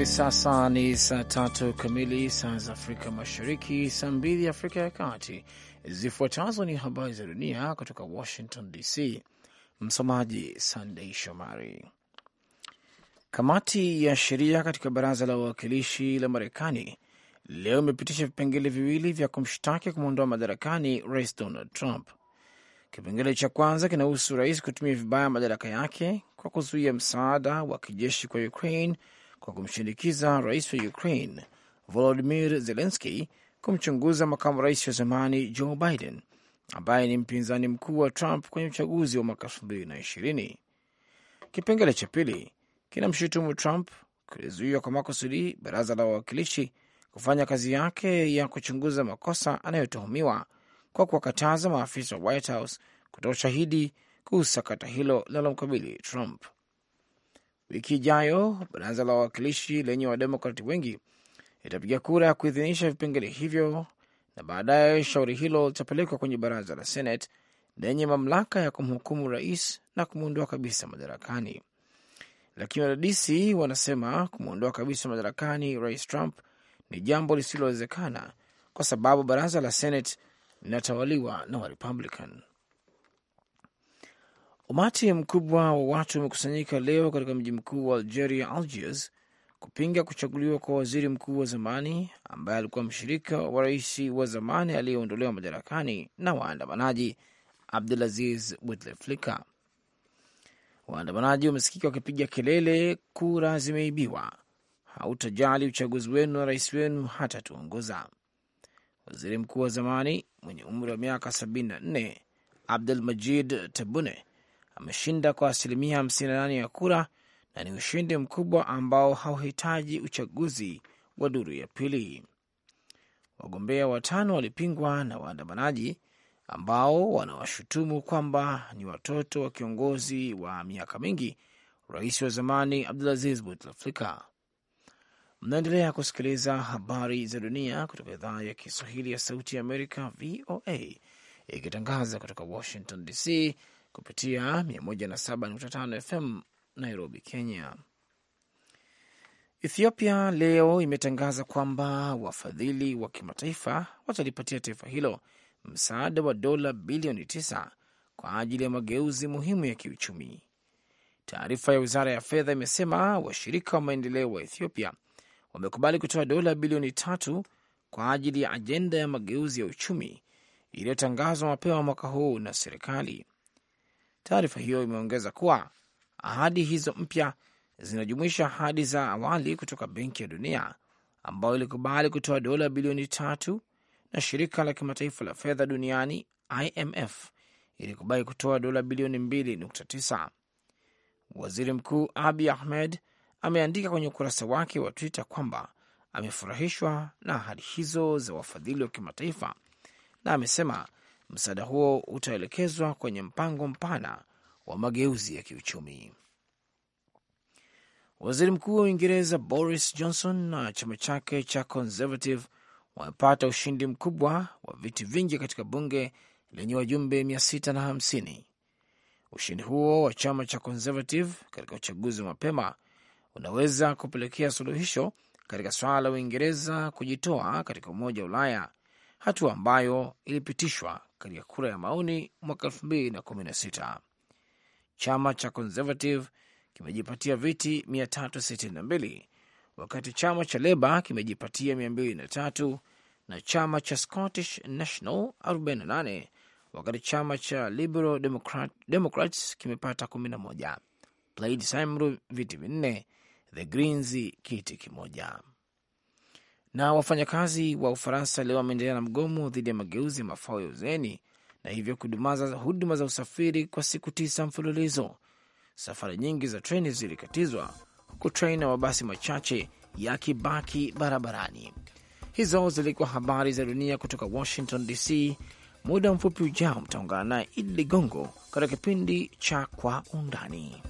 Hivi sasa ni saa tatu kamili saa za Afrika Mashariki, saa mbili Afrika ya Kati. Zifuatazo ni habari za dunia kutoka Washington DC. Msomaji Sandei Shomari. Kamati ya sheria katika baraza la wawakilishi la Marekani leo imepitisha vipengele viwili vya kumshtaki kumwondoa madarakani Rais Donald Trump. Kipengele cha kwanza kinahusu rais kutumia vibaya madaraka yake kwa kuzuia msaada wa kijeshi kwa Ukraine kwa kumshinikiza rais wa Ukraine Volodimir Zelenski kumchunguza makamu rais wa zamani Joe Biden ambaye ni mpinzani mkuu wa Trump kwenye uchaguzi wa mwaka ishirini. Kipengele cha pili kinamshutumu Trump kulizuiwa kwa makusudi baraza la wawakilishi kufanya kazi yake ya kuchunguza makosa anayotuhumiwa kwa kuwakataza maafisa wa White House kutoa ushahidi kuhusu sakata hilo linalomkabili Trump. Wiki ijayo baraza la wawakilishi lenye wademokrati wengi litapiga kura ya kuidhinisha vipengele hivyo, na baadaye shauri hilo litapelekwa kwenye baraza la Senate lenye mamlaka ya kumhukumu rais na kumwondoa kabisa madarakani. Lakini wadadisi wanasema kumwondoa kabisa madarakani rais Trump ni jambo lisilowezekana kwa sababu baraza la Senate linatawaliwa na Warepublican. Umati mkubwa wa watu wamekusanyika leo katika mji mkuu wa Algeria, Algiers, kupinga kuchaguliwa kwa waziri mkuu wa zamani ambaye alikuwa mshirika wa rais wa zamani aliyeondolewa madarakani na waandamanaji Abdulaziz Bouteflika. Waandamanaji wamesikika wakipiga kelele, kura zimeibiwa, hautajali uchaguzi wenu na rais wenu hatatuongoza. Waziri mkuu wa zamani mwenye umri wa miaka 74 Abdul Majid Tabune ameshinda kwa asilimia 58 ya kura na ni ushindi mkubwa ambao hauhitaji uchaguzi wa duru ya pili. Wagombea watano walipingwa na waandamanaji ambao wanawashutumu kwamba ni watoto wa kiongozi wa miaka mingi, rais wa zamani Abdulaziz Bouteflika. Mnaendelea kusikiliza habari za dunia kutoka idhaa ya Kiswahili ya Sauti ya Amerika, VOA, ikitangaza kutoka Washington DC kupitia 107.5 FM Nairobi, Kenya. Ethiopia leo imetangaza kwamba wafadhili wa kimataifa watalipatia taifa hilo msaada wa dola bilioni 9 kwa ajili ya mageuzi muhimu ya kiuchumi. Taarifa ya wizara ya fedha imesema washirika wa maendeleo wa Ethiopia wamekubali kutoa dola bilioni tatu kwa ajili ya ajenda ya mageuzi ya uchumi iliyotangazwa mapema mwaka huu na serikali Taarifa hiyo imeongeza kuwa ahadi hizo mpya zinajumuisha ahadi za awali kutoka Benki ya Dunia ambayo ilikubali kutoa dola bilioni tatu na shirika la kimataifa la fedha duniani IMF ilikubali kutoa dola bilioni 2.9. Waziri Mkuu abi Ahmed ameandika kwenye ukurasa wake wa Twitter kwamba amefurahishwa na ahadi hizo za wafadhili wa kimataifa na amesema Msaada huo utaelekezwa kwenye mpango mpana wa mageuzi ya kiuchumi. Waziri Mkuu wa Uingereza Boris Johnson na chama chake cha Conservative wamepata ushindi mkubwa wa viti vingi katika bunge lenye wajumbe 650. Ushindi huo wa chama cha Conservative katika uchaguzi wa mapema unaweza kupelekea suluhisho katika swala la Uingereza kujitoa katika Umoja wa Ulaya, hatua ambayo ilipitishwa katika kura ya maoni mwaka 2016. Chama cha Conservative kimejipatia viti 362 wakati chama cha Leba kimejipatia 203 na chama cha Scottish National 48 wakati chama cha Liberal Democrat, Democrats kimepata 11, Plaid Cymru viti vinne, The Greens kiti kimoja. Na wafanyakazi wa Ufaransa leo wameendelea na mgomo dhidi ya mageuzi ya mafao ya uzeni na hivyo kudumaza huduma za usafiri kwa siku tisa mfululizo. Safari nyingi za treni zilikatizwa huku treni na mabasi machache yakibaki barabarani. Hizo zilikuwa habari za dunia kutoka Washington DC. Muda mfupi ujao mtaungana naye Idi Ligongo katika kipindi cha Kwa Undani.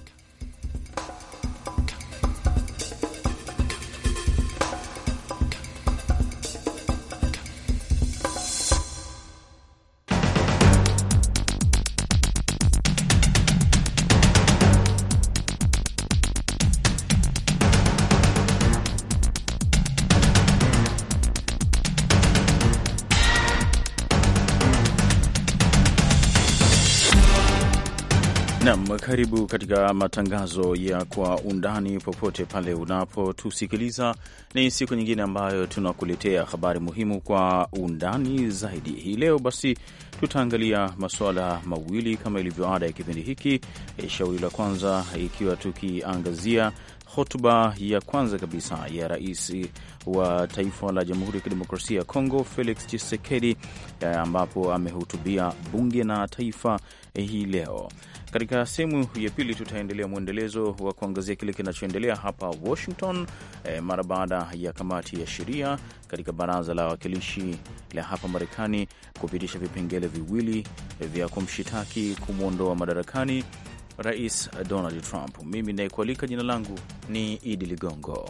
Karibu katika matangazo ya Kwa Undani. Popote pale unapotusikiliza, ni siku nyingine ambayo tunakuletea habari muhimu kwa undani zaidi. Hii leo basi tutaangalia masuala mawili kama ilivyo ada ya kipindi hiki, e, shauri la kwanza ikiwa tukiangazia hotuba ya kwanza kabisa ya rais wa taifa la Jamhuri ya Kidemokrasia ya Kongo Felix Tshisekedi, eh, ambapo amehutubia bunge na taifa eh, hii leo. Katika sehemu ya pili tutaendelea mwendelezo wa kuangazia kile kinachoendelea hapa Washington eh, mara baada ya kamati ya sheria katika baraza la wawakilishi la hapa Marekani kupitisha vipengele viwili eh, vya kumshitaki kumwondoa madarakani Rais Donald Trump. Mimi nayekualika, jina langu ni Idi Ligongo.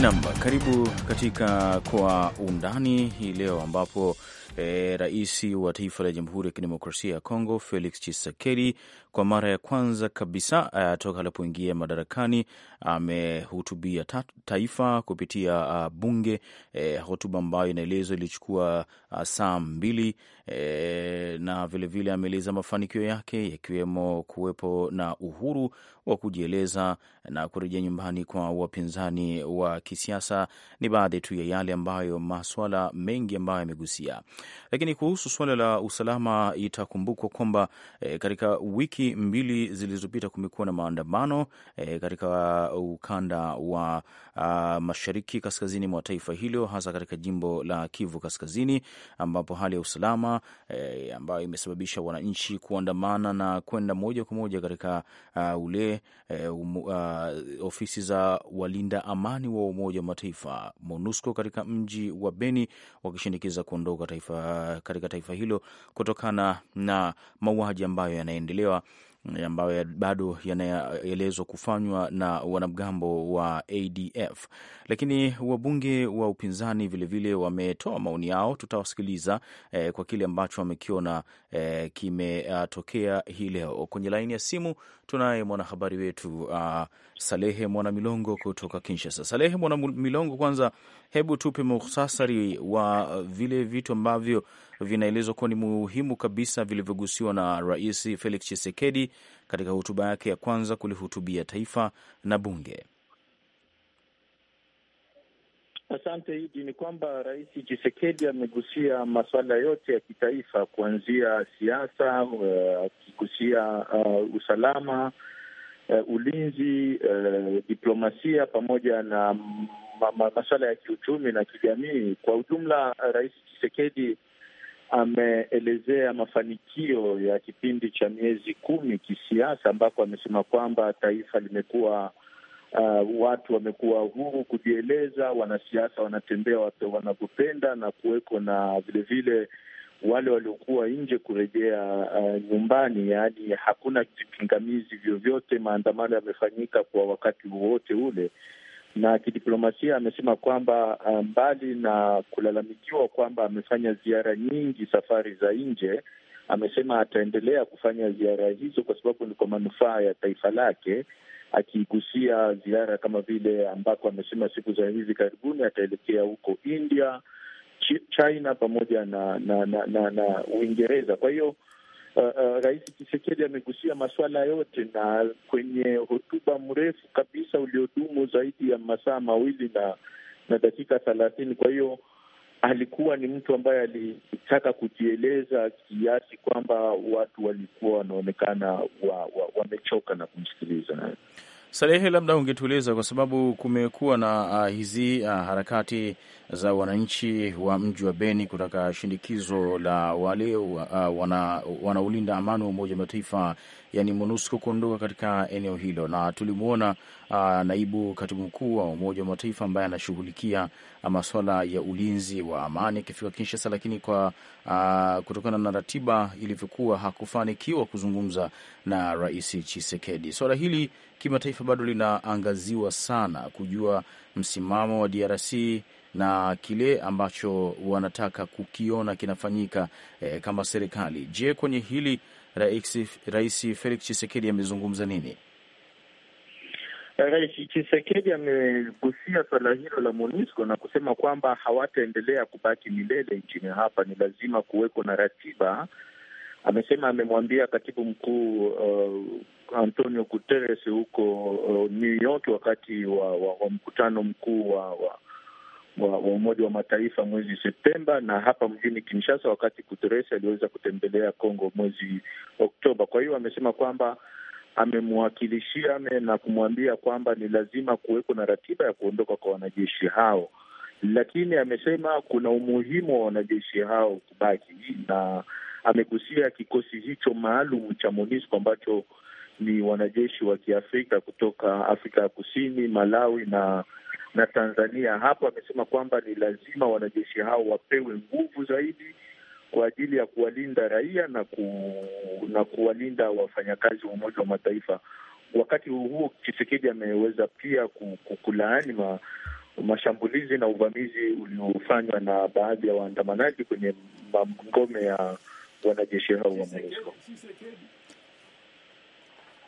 Nam, karibu katika Kwa Undani hii leo ambapo e, rais wa taifa la Jamhuri ya Kidemokrasia ya Kongo Felix Tshisekedi kwa mara ya kwanza kabisa uh, toka alipoingia madarakani. Amehutubia uh, taifa kupitia uh, bunge uh, hotuba ambayo inaelezwa ilichukua uh, saa mbili uh, na vilevile ameeleza mafanikio yake yakiwemo kuwepo na uhuru wa kujieleza na kurejea nyumbani kwa wapinzani wa kisiasa. Ni baadhi tu ya yale ambayo maswala mengi ambayo yamegusia, lakini kuhusu suala la usalama itakumbukwa kwamba uh, katika wiki wiki mbili zilizopita kumekuwa na maandamano e, katika ukanda wa a, ah, mashariki kaskazini mwa taifa hilo, hasa katika jimbo la Kivu Kaskazini, ambapo hali ya usalama e, ambayo imesababisha wananchi kuandamana na kwenda moja kwa moja katika uh, ule eh, um, a, ah, ofisi za walinda amani wa Umoja wa Mataifa MONUSCO katika mji wa Beni wakishinikiza kuondoka taifa, katika taifa hilo kutokana na mauaji ambayo yanaendelewa ambayo bado yanaelezwa kufanywa na wanamgambo wa ADF. Lakini wabunge wa upinzani vilevile wametoa maoni yao, tutawasikiliza eh, kwa kile ambacho wamekiona eh, kimetokea hii leo. Kwenye laini ya simu tunaye mwanahabari wetu uh, Salehe Mwanamilongo kutoka Kinshasa. Salehe Mwanamilongo, kwanza hebu tupe muhtasari wa uh, vile vitu ambavyo vinaelezwa kuwa ni muhimu kabisa vilivyogusiwa na Rais Felix Tshisekedi katika hotuba yake ya kwanza kulihutubia taifa na bunge. Asante Idi. Ni kwamba Rais chisekedi amegusia masuala yote ya kitaifa, kuanzia siasa, eh, akigusia uh, uh, usalama uh, ulinzi uh, diplomasia, pamoja na masuala ya kiuchumi na kijamii. Kwa ujumla, Rais chisekedi ameelezea mafanikio ya kipindi cha miezi kumi kisiasa, ambako amesema kwamba taifa limekuwa uh, watu wamekuwa huru kujieleza, wanasiasa wanatembea wanavyopenda na kuweko na vilevile wale waliokuwa nje kurejea uh, nyumbani, yaani hakuna vipingamizi vyovyote. Maandamano yamefanyika kwa wakati wowote ule, na kidiplomasia amesema kwamba uh, mbali na kulalamikiwa kwamba amefanya ziara nyingi, safari za nje, amesema ataendelea kufanya ziara hizo kwa sababu ni kwa manufaa ya taifa lake akigusia ziara kama vile ambako amesema siku za hivi karibuni ataelekea huko India, China pamoja na na na, na, na Uingereza. Kwa hiyo uh, uh, Rais Tshisekedi amegusia masuala yote, na kwenye hotuba mrefu kabisa uliodumu zaidi ya masaa mawili na na dakika thelathini. Kwa hiyo alikuwa ni mtu ambaye alitaka kujieleza kiasi kwamba watu walikuwa wanaonekana wamechoka wa, wa na kumsikiliza. Salehe, labda ungetueleza kwa sababu kumekuwa na uh, hizi uh, harakati za wananchi wa mji wa Beni kutaka shinikizo la wale uh, wana, wanaolinda amani wa Umoja wa Mataifa yani MONUSCO kuondoka katika eneo hilo, na tulimwona uh, naibu katibu mkuu wa Umoja wa Mataifa ambaye anashughulikia maswala ya ulinzi wa amani akifika Kinshasa, lakini kwa uh, kutokana na ratiba ilivyokuwa hakufanikiwa kuzungumza na Rais chisekedi Swala hili kimataifa bado linaangaziwa sana kujua msimamo wa DRC na kile ambacho wanataka kukiona kinafanyika eh, kama serikali. Je, kwenye hili Rais Felix chisekedi amezungumza nini? Rais chisekedi amegusia swala hilo la MONUSCO na kusema kwamba hawataendelea kubaki milele nchini hapa, ni lazima kuweko na ratiba. Amesema amemwambia katibu mkuu uh, Antonio Guterres huko uh, New York wakati wa, wa, wa mkutano mkuu wa, wa wa Umoja wa Mataifa mwezi Septemba na hapa mjini Kinshasa wakati Guterres aliweza kutembelea Kongo mwezi Oktoba. Kwa hiyo amesema kwamba amemwakilishia ame na kumwambia kwamba ni lazima kuweko na ratiba ya kuondoka kwa wanajeshi hao, lakini amesema kuna umuhimu wa wanajeshi hao kubaki, na amegusia kikosi hicho maalum cha MONUSCO ambacho ni wanajeshi wa Kiafrika kutoka Afrika ya Kusini, Malawi na na Tanzania. Hapo amesema kwamba ni lazima wanajeshi hao wapewe nguvu zaidi kwa ajili ya kuwalinda raia na ku, na kuwalinda wafanyakazi wa Umoja wa Mataifa. Wakati huo huo, Chisekedi ameweza pia kulaani ma, mashambulizi na uvamizi uliofanywa na baadhi ya waandamanaji kwenye ngome ya wanajeshi hao wa MONUSCO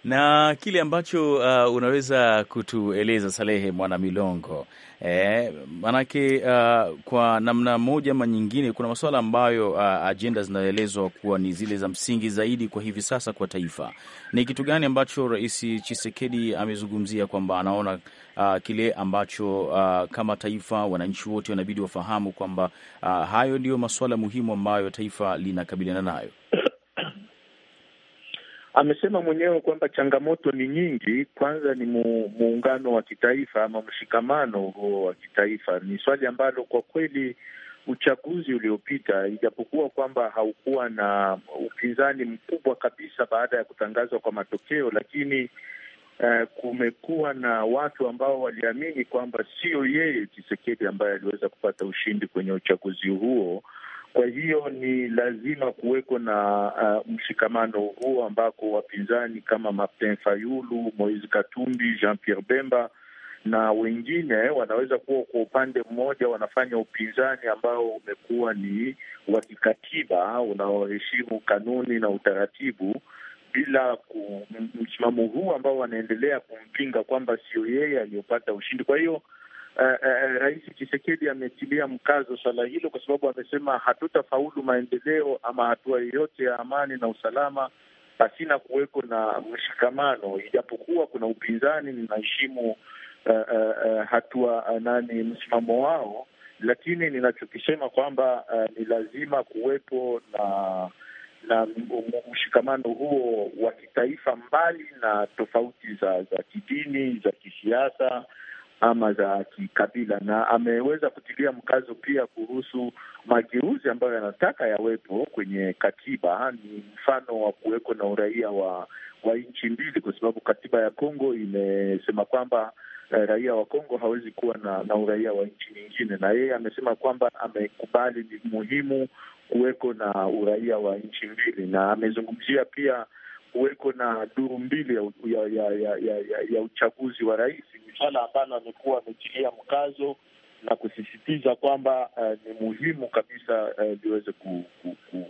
na kile ambacho uh, unaweza kutueleza Salehe Mwana Milongo eh, maanake uh, kwa namna moja ama nyingine kuna masuala ambayo uh, ajenda zinaelezwa kuwa ni zile za msingi zaidi kwa hivi sasa kwa taifa. Ni kitu gani ambacho Rais Chisekedi amezungumzia kwamba anaona uh, kile ambacho uh, kama taifa wananchi wote wanabidi wafahamu kwamba uh, hayo ndiyo masuala muhimu ambayo taifa linakabiliana nayo Amesema mwenyewe kwamba changamoto ni nyingi. Kwanza ni mu, muungano wa kitaifa ama mshikamano huo wa kitaifa. Ni swali ambalo kwa kweli uchaguzi uliopita, ijapokuwa kwamba haukuwa na upinzani mkubwa kabisa baada ya kutangazwa kwa matokeo, lakini uh, kumekuwa na watu ambao waliamini kwamba sio yeye Tshisekedi ambaye aliweza kupata ushindi kwenye uchaguzi huo kwa hiyo ni lazima kuweko na uh, mshikamano huo ambako wapinzani kama Martin Fayulu, Moise Katumbi, Jean Pierre Bemba na wengine wanaweza kuwa kwa upande mmoja wanafanya upinzani ambao umekuwa ni wa kikatiba unaoheshimu kanuni na utaratibu, bila msimamo huu ambao wanaendelea kumpinga kwamba sio yeye aliyopata ushindi. Kwa hiyo uh, uh, Rais chisekedi ametilia mkazo swala hilo, kwa sababu amesema hatutafaulu maendeleo ama hatua yoyote ya amani na usalama pasina kuweko na mshikamano. Ijapokuwa kuna upinzani, ninaheshimu uh, uh, hatua uh, nani msimamo wao, lakini ninachokisema kwamba uh, ni lazima kuwepo na na mshikamano huo wa kitaifa, mbali na tofauti za za kidini, za kisiasa ama za kikabila, na ameweza kutilia mkazo pia kuhusu mageuzi ambayo yanataka yawepo kwenye katiba. Ni mfano wa kuweko na uraia wa, wa nchi mbili, kwa sababu katiba ya Kongo imesema kwamba eh, raia wa Kongo hawezi kuwa na, na uraia wa nchi nyingine, na yeye amesema kwamba amekubali ni muhimu kuweko na uraia wa nchi mbili, na amezungumzia pia kuweko na duru mbili ya, ya, ya, ya, ya, ya uchaguzi wa rais, ni swala ambalo amekuwa ametilia mkazo na kusisitiza kwamba uh, ni muhimu kabisa eh, liweze uh, ku, ku, ku,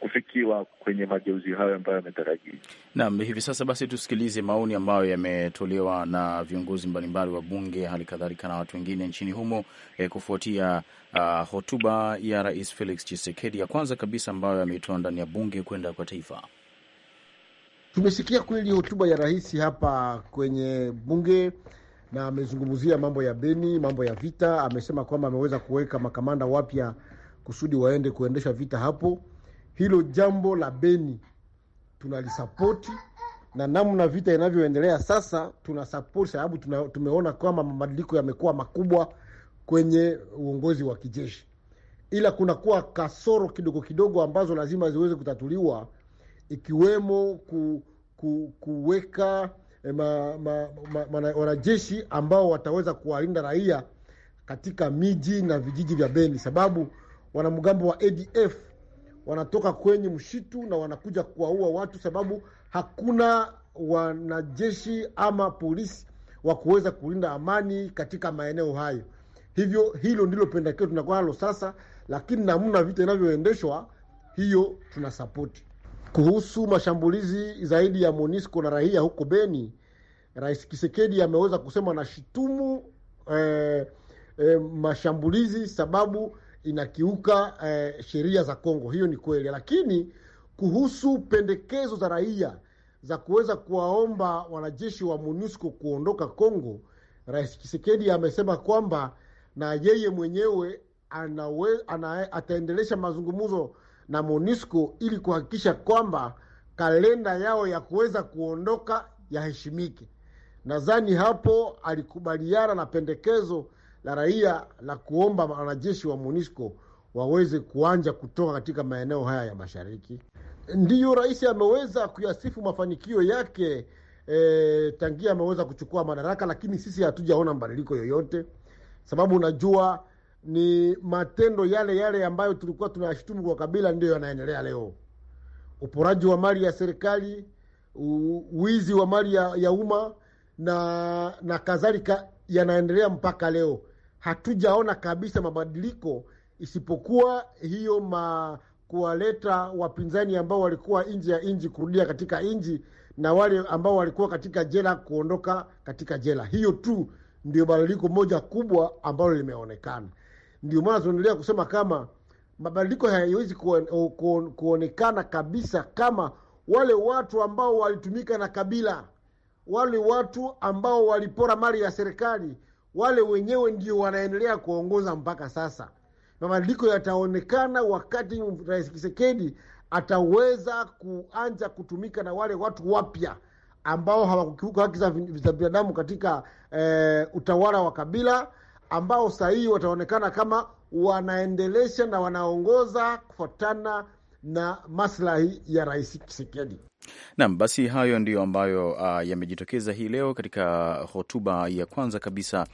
kufikiwa kwenye mageuzi hayo ambayo yametarajiwa. Naam, hivi sasa basi tusikilize maoni ambayo yametolewa na viongozi mbalimbali wa bunge, hali kadhalika na watu wengine nchini humo eh, kufuatia uh, hotuba ya Rais Felix Tshisekedi ya kwanza kabisa ambayo ameitoa ndani ya bunge kwenda kwa taifa. Tumesikia kweli hotuba ya rais hapa kwenye bunge na amezungumzia mambo ya Beni, mambo ya vita. Amesema kwamba ameweza kuweka makamanda wapya kusudi waende kuendesha vita hapo. Hilo jambo la Beni tunalisapoti na namna vita inavyoendelea sasa tunasapoti, sababu tuna, tumeona kwamba mabadiliko yamekuwa makubwa kwenye uongozi wa kijeshi, ila kunakuwa kasoro kidogo kidogo ambazo lazima ziweze kutatuliwa ikiwemo ku, ku, kuweka eh, wanajeshi ambao wataweza kuwalinda raia katika miji na vijiji vya Beni, sababu wanamgambo wa ADF wanatoka kwenye mshitu na wanakuja kuwaua watu, sababu hakuna wanajeshi ama polisi wa kuweza kulinda amani katika maeneo hayo. Hivyo hilo ndilo pendekezo tunakuwa nalo sasa, lakini namna vita inavyoendeshwa hiyo tunasapoti. Kuhusu mashambulizi zaidi ya MONUSCO na raia huko Beni, Rais Kisekedi ameweza kusema anashutumu eh, eh, mashambulizi sababu inakiuka eh, sheria za Kongo. Hiyo ni kweli, lakini kuhusu pendekezo za raia za kuweza kuwaomba wanajeshi wa MONUSCO kuondoka Kongo, Rais Kisekedi amesema kwamba na yeye mwenyewe anawe, ana, ataendelesha mazungumzo na MONUSCO ili kuhakikisha kwamba kalenda yao ya kuweza kuondoka yaheshimike. Nadhani hapo alikubaliana na pendekezo la raia la kuomba wanajeshi wa MONUSCO waweze kuanja kutoka katika maeneo haya ya mashariki. Ndiyo rais ameweza kuyasifu mafanikio yake e, tangia ameweza kuchukua madaraka, lakini sisi hatujaona mabadiliko yoyote, sababu unajua ni matendo yale yale ambayo tulikuwa tunayashutumu kwa Kabila ndiyo yanaendelea leo: uporaji wa mali ya serikali, wizi wa mali ya, ya umma na na kadhalika, yanaendelea mpaka leo. Hatujaona kabisa mabadiliko isipokuwa hiyo ma kuwaleta wapinzani ambao walikuwa nje ya nchi kurudia katika nchi na wale ambao walikuwa katika jela kuondoka katika jela. Hiyo tu ndio badiliko moja kubwa ambalo limeonekana. Ndio maana tunaendelea kusema kama mabadiliko hayawezi kuonekana kabisa kama wale watu ambao walitumika na kabila, wale watu ambao walipora mali ya serikali, wale wenyewe ndio wanaendelea kuongoza mpaka sasa. Mabadiliko yataonekana wakati Rais Kisekedi ataweza kuanza kutumika na wale watu wapya ambao hawakukiuka haki za binadamu katika eh, utawala wa kabila ambao sahihi wataonekana kama wanaendelesha na wanaongoza kufuatana na maslahi ya Rais chisekedi Naam, basi hayo ndiyo ambayo uh, yamejitokeza hii leo katika hotuba ya kwanza kabisa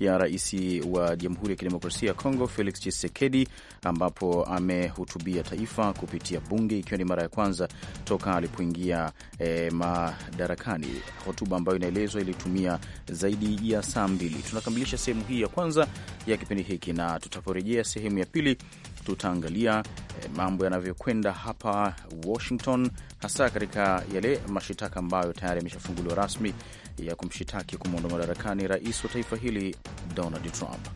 ya rais wa Jamhuri ya Kidemokrasia ya Kongo Felix Tshisekedi, ambapo amehutubia taifa kupitia bunge, ikiwa ni mara ya kwanza toka alipoingia e, madarakani, hotuba ambayo inaelezwa ilitumia zaidi ya saa mbili. Tunakamilisha sehemu hii ya kwanza ya kipindi hiki, na tutaporejea sehemu ya pili tutaangalia e, mambo yanavyokwenda hapa Washington, hasa katika yale mashitaka ambayo tayari yameshafunguliwa rasmi ya kumshitaki kumwondoa madarakani rais wa taifa hili Donald Trump.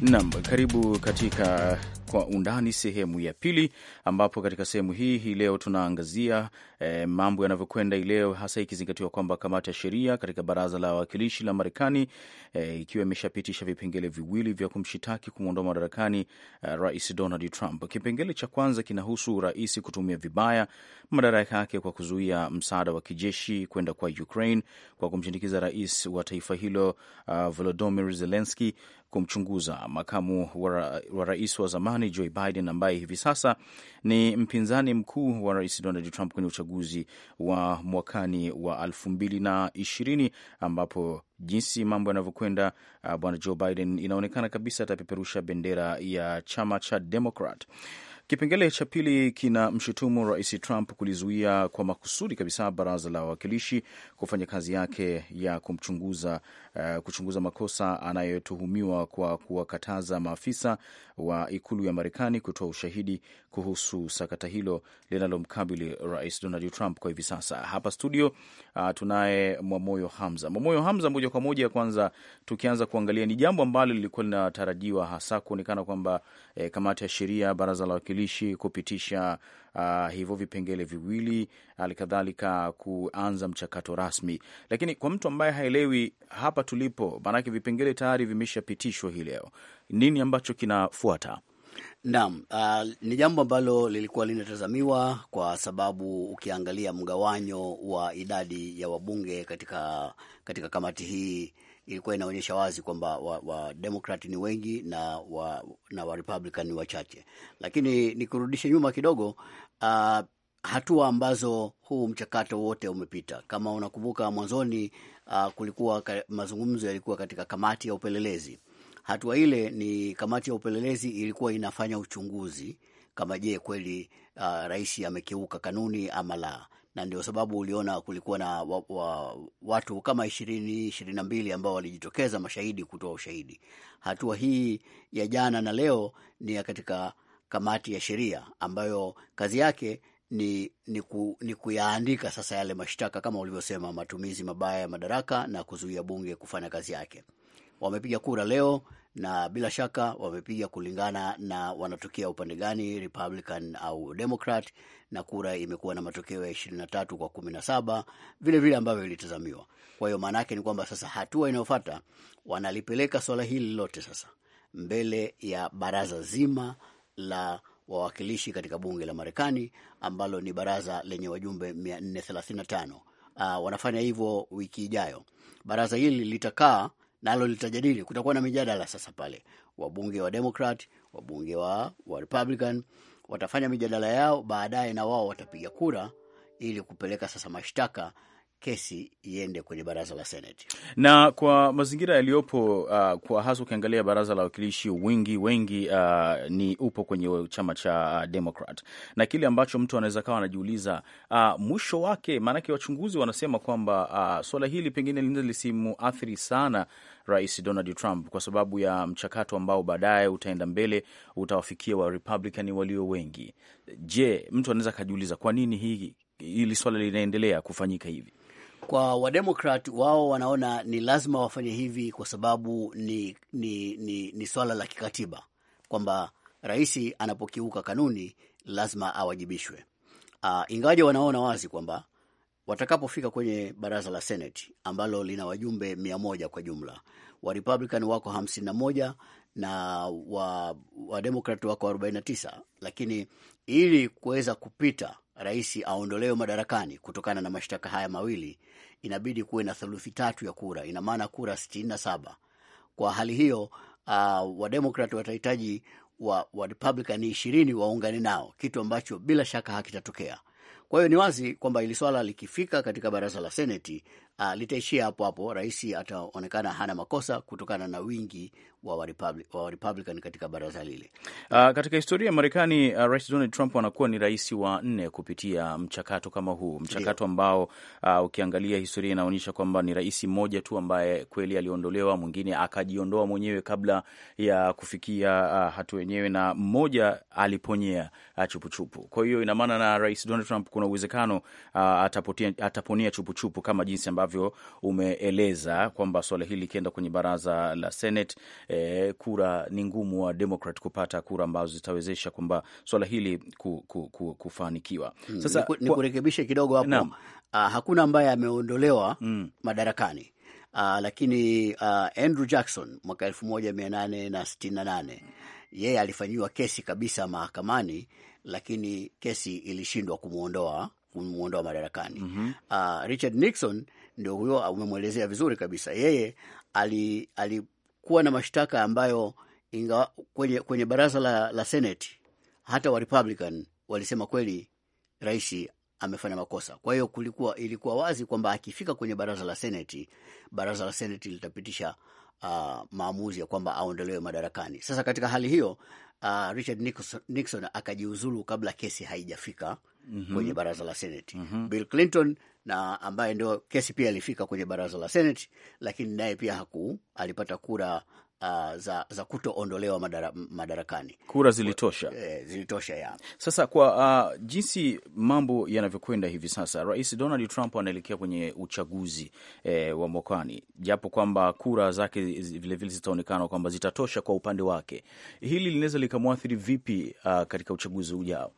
Nam, karibu katika kwa undani sehemu ya pili, ambapo katika sehemu hii hii leo tunaangazia e, mambo yanavyokwenda ileo, hasa ikizingatiwa kwamba kamati ya sheria katika baraza la wawakilishi la Marekani e, ikiwa imeshapitisha vipengele viwili vya kumshitaki kumwondoa madarakani a, eh, rais Donald Trump. Kipengele cha kwanza kinahusu rais kutumia vibaya madaraka yake kwa kuzuia msaada wa kijeshi kwenda kwa Ukraine kwa kumshindikiza rais wa taifa hilo uh, Volodymyr Zelensky kumchunguza makamu wa rais wa zamani Joe Biden ambaye hivi sasa ni mpinzani mkuu wa rais Donald Trump kwenye uchaguzi wa mwakani wa elfu mbili na ishirini ambapo jinsi mambo yanavyokwenda, uh, bwana Joe Biden inaonekana kabisa atapeperusha bendera ya chama cha Democrat. Kipengele cha pili kina mshutumu rais Trump kulizuia kwa makusudi kabisa baraza la wawakilishi kufanya kazi yake ya kumchunguza Eh, kuchunguza makosa anayotuhumiwa kwa kuwakataza maafisa wa ikulu ya Marekani kutoa ushahidi kuhusu sakata hilo linalomkabili Rais Donald Trump kwa hivi sasa. Hapa studio uh, tunaye Mwamoyo Hamza. Mwamoyo Hamza, moja kwa moja, kwanza tukianza kuangalia, ni jambo ambalo lilikuwa linatarajiwa hasa kuonekana kwamba eh, kamati ya sheria, baraza la wakilishi kupitisha uh, hivyo vipengele viwili, halikadhalika kuanza mchakato rasmi. Lakini kwa mtu ambaye haelewi hapa tulipo, maanake vipengele tayari vimeshapitishwa hii leo, nini ambacho kinafuata? Naam, uh, ni jambo ambalo lilikuwa linatazamiwa kwa sababu ukiangalia mgawanyo wa idadi ya wabunge katika, katika kamati hii ilikuwa inaonyesha wazi kwamba Wademokrat wa ni wengi na wa, na ni wachache, lakini nikurudishe nyuma kidogo uh, hatua ambazo huu mchakato wote umepita. Kama unakumbuka mwanzoni, uh, kulikuwa mazungumzo yalikuwa katika kamati ya upelelezi hatua ile ni kamati ya upelelezi ilikuwa inafanya uchunguzi kama je, kweli uh, rais amekiuka kanuni ama la, na ndio sababu uliona kulikuwa na wa, wa, watu kama ishirini ishirini na mbili ambao walijitokeza mashahidi kutoa ushahidi. Hatua hii ya jana na leo ni ya katika kamati ya sheria ambayo kazi yake ni, ni, ku, ni kuyaandika sasa yale mashtaka kama ulivyosema, matumizi mabaya ya madaraka na kuzuia bunge kufanya kazi yake wamepiga kura leo na bila shaka wamepiga kulingana na wanatokea upande gani, Republican au Democrat, na kura imekuwa na matokeo ya ishirini na tatu kwa kumi na saba vile vile ambavyo ilitazamiwa Kwa hiyo maana yake ni kwamba sasa hatua inayofata wanalipeleka swala hili lote sasa mbele ya baraza zima la wawakilishi katika bunge la Marekani ambalo ni baraza lenye wajumbe 435. Uh, ah, wanafanya hivyo wiki ijayo. Baraza hili litakaa nalo litajadili. Kutakuwa na mijadala sasa pale, wabunge wa Democrat, wabunge wa, wa Republican watafanya mijadala yao, baadaye na wao watapiga kura ili kupeleka sasa mashtaka kesi iende kwenye baraza la Seneti. Na kwa mazingira yaliyopo, uh, kwa hasa ukiangalia baraza la wakilishi wingi wengi uh, ni upo kwenye chama cha uh, Democrat, na kile ambacho mtu anaweza kawa anajiuliza uh, mwisho wake, maanake wachunguzi wanasema kwamba uh, suala hili pengine linaweza lisimuathiri sana Rais Donald Trump kwa sababu ya mchakato ambao baadaye utaenda mbele utawafikia wa Republican walio wengi. Je, mtu anaweza akajiuliza kwa nini hii hili swala linaendelea kufanyika hivi? Kwa Wademokrat wao wanaona ni lazima wafanye hivi kwa sababu ni, ni, ni, ni swala la kikatiba kwamba rais anapokiuka kanuni lazima awajibishwe. Uh, ingawaje wanaona wazi kwamba watakapofika kwenye baraza la seneti ambalo lina wajumbe mia moja kwa jumla, Warepublican wako hamsini na moja na Wademokrat wa wako arobaini na tisa lakini ili kuweza kupita rais aondolewe madarakani kutokana na mashtaka haya mawili inabidi kuwe na theluthi tatu ya kura, ina maana kura sitini na saba. Kwa hali hiyo uh, wademokrat watahitaji wa, wa Republican ishirini waungane nao, kitu ambacho bila shaka hakitatokea. Kwa hiyo ni wazi kwamba hili swala likifika katika baraza la seneti uh, litaishia hapo hapo. Rais ataonekana hana makosa kutokana na wingi wa wa, Republic, wa Republican katika baraza lile. Uh, katika historia ya Marekani uh, Rais Donald Trump anakuwa ni rais wa nne kupitia mchakato kama huu, mchakato ambao uh, ukiangalia historia inaonyesha kwamba ni rais mmoja tu ambaye kweli aliondolewa, mwingine akajiondoa mwenyewe kabla ya kufikia uh, hatua yenyewe, na mmoja aliponyea chupuchupu. Kwa hiyo ina maana na Rais Donald Trump kuna uwezekano uh, ataponia chupuchupu kama jinsi ambavyo ambavyo umeeleza kwamba swala hili likienda kwenye baraza la Senate, e, kura ni ngumu wa Democrat kupata kura ambazo zitawezesha kwamba swala hili ku, ku, ku, kufanikiwa. Hmm. Sasa hmm, nikurekebishe kwa... kidogo hapo uh, hakuna ambaye ameondolewa hmm, madarakani uh, lakini uh, Andrew Jackson mwaka nane yeye alifanyiwa kesi kabisa mahakamani, lakini kesi ilishindwa kumwondoa kumwondoa madarakani. mm -hmm. Uh, Richard Nixon ndio huyo, umemwelezea vizuri kabisa. Yeye alikuwa ali na mashtaka ambayo ingawa kwenye, kwenye baraza la, la Senate hata wa Republican walisema kweli raisi amefanya makosa. Kwa hiyo kulikuwa ilikuwa wazi kwamba akifika kwenye baraza la seneti, baraza la seneti litapitisha uh, maamuzi ya kwamba aondolewe madarakani. Sasa katika hali hiyo uh, Richard Nixon, Nixon akajiuzulu kabla kesi haijafika -hmm. kwenye baraza la Seneti mm -hmm. Bill Clinton na ambaye ndio kesi pia alifika kwenye baraza la Seneti, lakini naye pia haku alipata kura uh, za, za kutoondolewa madara, madarakani. Kura zilitosha, e, zilitosha ya. Sasa kwa uh, jinsi mambo yanavyokwenda hivi sasa, Rais Donald Trump anaelekea kwenye uchaguzi eh, wa mwakani, japo kwamba kura zake vilevile zitaonekana kwamba zitatosha kwa upande wake. Hili linaweza likamwathiri vipi uh, katika uchaguzi ujao?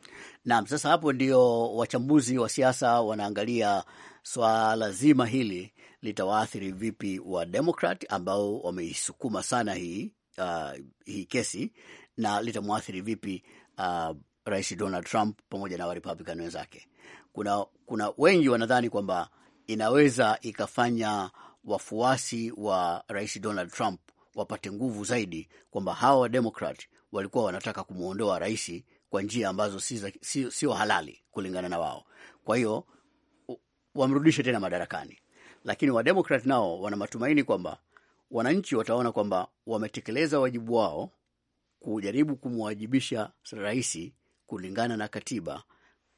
Naam, sasa hapo ndio wachambuzi wa siasa wanaangalia swala zima hili litawaathiri vipi wa ambao wameisukuma sana hii, uh, hii kesi na litamwathiri vipi uh, Rais Donald Trump pamoja na Warepublican wenzake. Kuna, kuna wengi wanadhani kwamba inaweza ikafanya wafuasi wa Rais Donald Trump wapate nguvu zaidi, kwamba hawa Wademokrat walikuwa wanataka kumwondoa rais kwa njia ambazo sio si, si halali kulingana na wao, kwa hiyo wamrudishe tena madarakani lakini Wademokrat nao wana matumaini kwamba wananchi wataona kwamba wametekeleza wajibu wao kujaribu kumwajibisha rais kulingana na katiba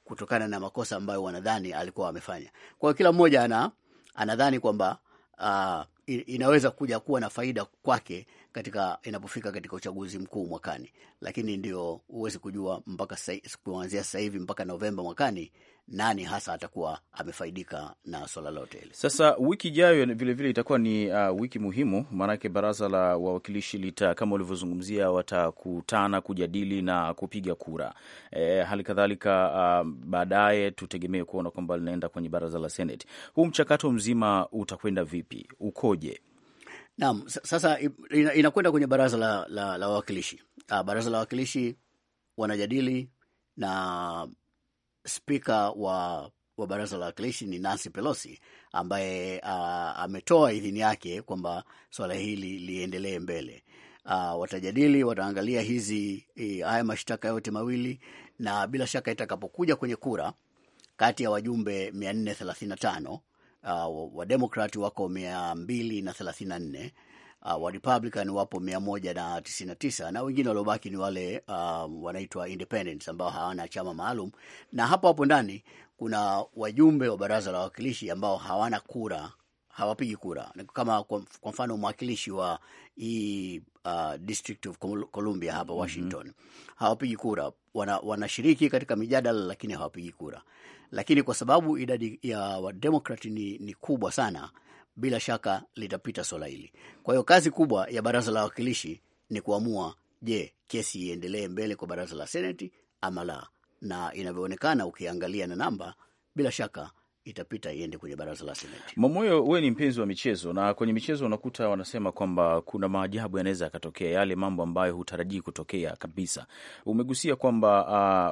kutokana na makosa ambayo wanadhani alikuwa amefanya. Kwa hiyo kila mmoja ana anadhani kwamba uh, inaweza kuja kuwa na faida kwake katika inapofika katika uchaguzi mkuu mwakani, lakini ndio huwezi kujua mpaka kuanzia sasa hivi mpaka Novemba mwakani nani hasa atakuwa amefaidika na swala lote hili. Sasa wiki ijayo vilevile itakuwa ni uh, wiki muhimu, maanake baraza la wawakilishi lita, kama ulivyozungumzia, watakutana kujadili na kupiga kura. E, hali kadhalika uh, baadaye tutegemee kuona kwamba linaenda kwenye baraza la Seneti. Huu mchakato mzima utakwenda vipi, ukoje? Naam, sasa inakwenda kwenye baraza la, la, la wawakilishi. Ah, baraza la wawakilishi wanajadili na spika wa, wa baraza la wawakilishi ni Nancy Pelosi ambaye ah, ametoa idhini yake kwamba swala hili liendelee mbele. A, ah, watajadili, wataangalia hizi haya mashtaka yote mawili na bila shaka itakapokuja kwenye kura kati ya wajumbe mia tano uh, Wademokrat wako mia mbili na thelathini na nne uh, Warepublican wapo mia moja na tisini na tisa na wengine waliobaki ni wale uh, wanaitwa independents ambao hawana chama maalum, na hapo hapo ndani kuna wajumbe wa baraza la wawakilishi ambao hawana kura hawapigi kura kama kwa mfano mwakilishi wa hii e, uh, District of Columbia hapa mhm. Washington. mm -hmm. Hawapigi kura, wanashiriki wana katika mijadala lakini hawapigi kura lakini kwa sababu idadi ya wademokrati ni, ni kubwa sana, bila shaka litapita swala hili. Kwa hiyo kazi kubwa ya baraza la wawakilishi ni kuamua, je, kesi iendelee mbele kwa baraza la seneti ama la, na inavyoonekana ukiangalia na namba, bila shaka itapita iende kwenye baraza la seneti. Mamoyo, wewe ni mpenzi wa michezo, na kwenye michezo unakuta wanasema kwamba kuna maajabu yanaweza yakatokea, yale mambo ambayo hutarajii kutokea kabisa. Umegusia kwamba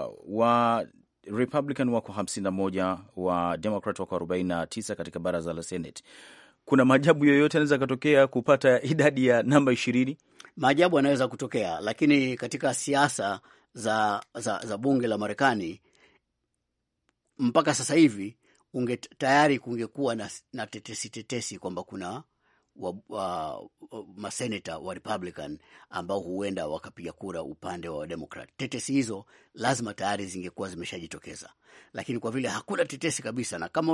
uh, wa Republican wako 51, wa Democrat wako 49 katika baraza la Senate. Kuna maajabu yoyote anaweza akatokea kupata idadi ya namba ishirini? Maajabu yanaweza kutokea, lakini katika siasa za, za, za bunge la Marekani mpaka sasa hivi unge tayari kungekuwa na, na tetesi tetesi kwamba kuna wa, wa, maseneta wa Republican ambao huenda wakapiga kura upande wa Democrat. Tetesi hizo lazima tayari zingekuwa zimeshajitokeza, lakini kwa vile hakuna tetesi kabisa, na kama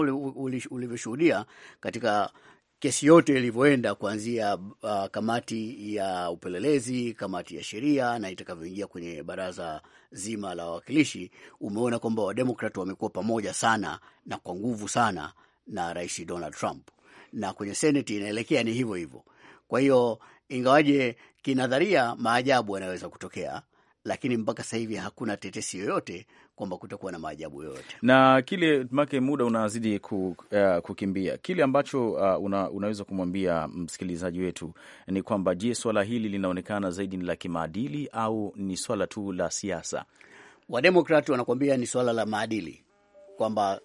ulivyoshuhudia katika kesi yote ilivyoenda kuanzia uh, kamati ya upelelezi, kamati ya sheria na itakavyoingia kwenye baraza zima la wawakilishi, umeona kwamba wademokrat wamekuwa pamoja sana na kwa nguvu sana na Rais Donald Trump na kwenye seneti inaelekea ni hivyo hivyo. Kwa hiyo ingawaje kinadharia maajabu yanaweza kutokea lakini mpaka sasa hivi hakuna tetesi yoyote kwamba kutakuwa na maajabu yoyote. Na kile make muda unazidi ku, uh, kukimbia, kile ambacho uh, una, unaweza kumwambia msikilizaji wetu ni kwamba, je, swala hili linaonekana zaidi ni la kimaadili au ni swala tu la siasa? Wademokrati wanakuambia ni swala la maadili, kwamba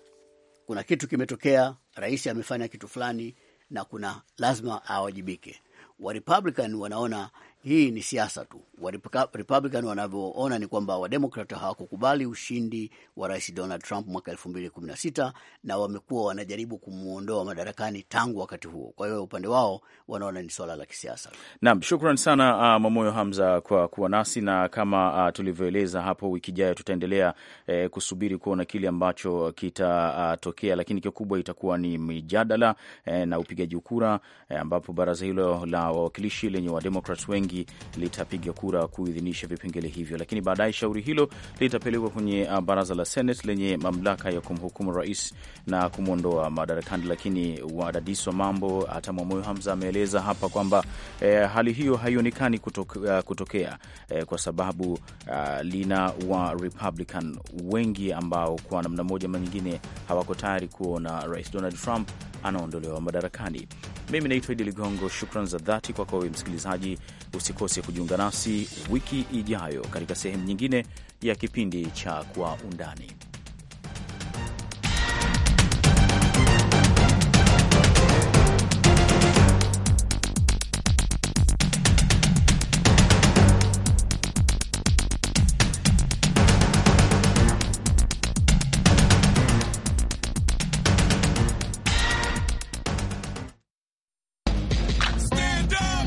kuna kitu kimetokea, rais amefanya kitu fulani na kuna lazima awajibike. Warepublican wanaona hii ni siasa tu. Wa Republican wanavyoona ni kwamba Wademokrat hawakukubali ushindi wa Rais Donald Trump mwaka elfu mbili kumi na sita na wamekuwa wanajaribu kumwondoa madarakani tangu wakati huo. Kwa hiyo upande wao wanaona ni swala la kisiasa. Naam, shukran sana uh, Mamoyo Hamza kwa kuwa nasi na kama uh, tulivyoeleza hapo, wiki ijayo tutaendelea uh, kusubiri kuona kile ambacho kitatokea, uh, lakini kikubwa itakuwa ni mijadala uh, na upigaji kura uh, ambapo baraza hilo la wawakilishi lenye Wademokrat wengi bunge litapiga kura kuidhinisha vipengele hivyo, lakini baadaye shauri hilo litapelekwa kwenye uh, baraza la Senate lenye mamlaka ya kumhukumu rais na kumwondoa madarakani. Lakini wadadisi wa mambo, hata Mwamoyo Hamza ameeleza hapa kwamba eh, hali hiyo haionekani kutoke, uh, kutokea eh, kwa sababu uh, lina wa Republican wengi ambao kwa namna moja ama nyingine hawako tayari kuona rais Donald Trump anaondolewa madarakani. Mimi naitwa Idi Ligongo. Shukran za dhati kwako wewe msikilizaji. Usikose kujiunga nasi wiki ijayo katika sehemu nyingine ya kipindi cha Kwa Undani.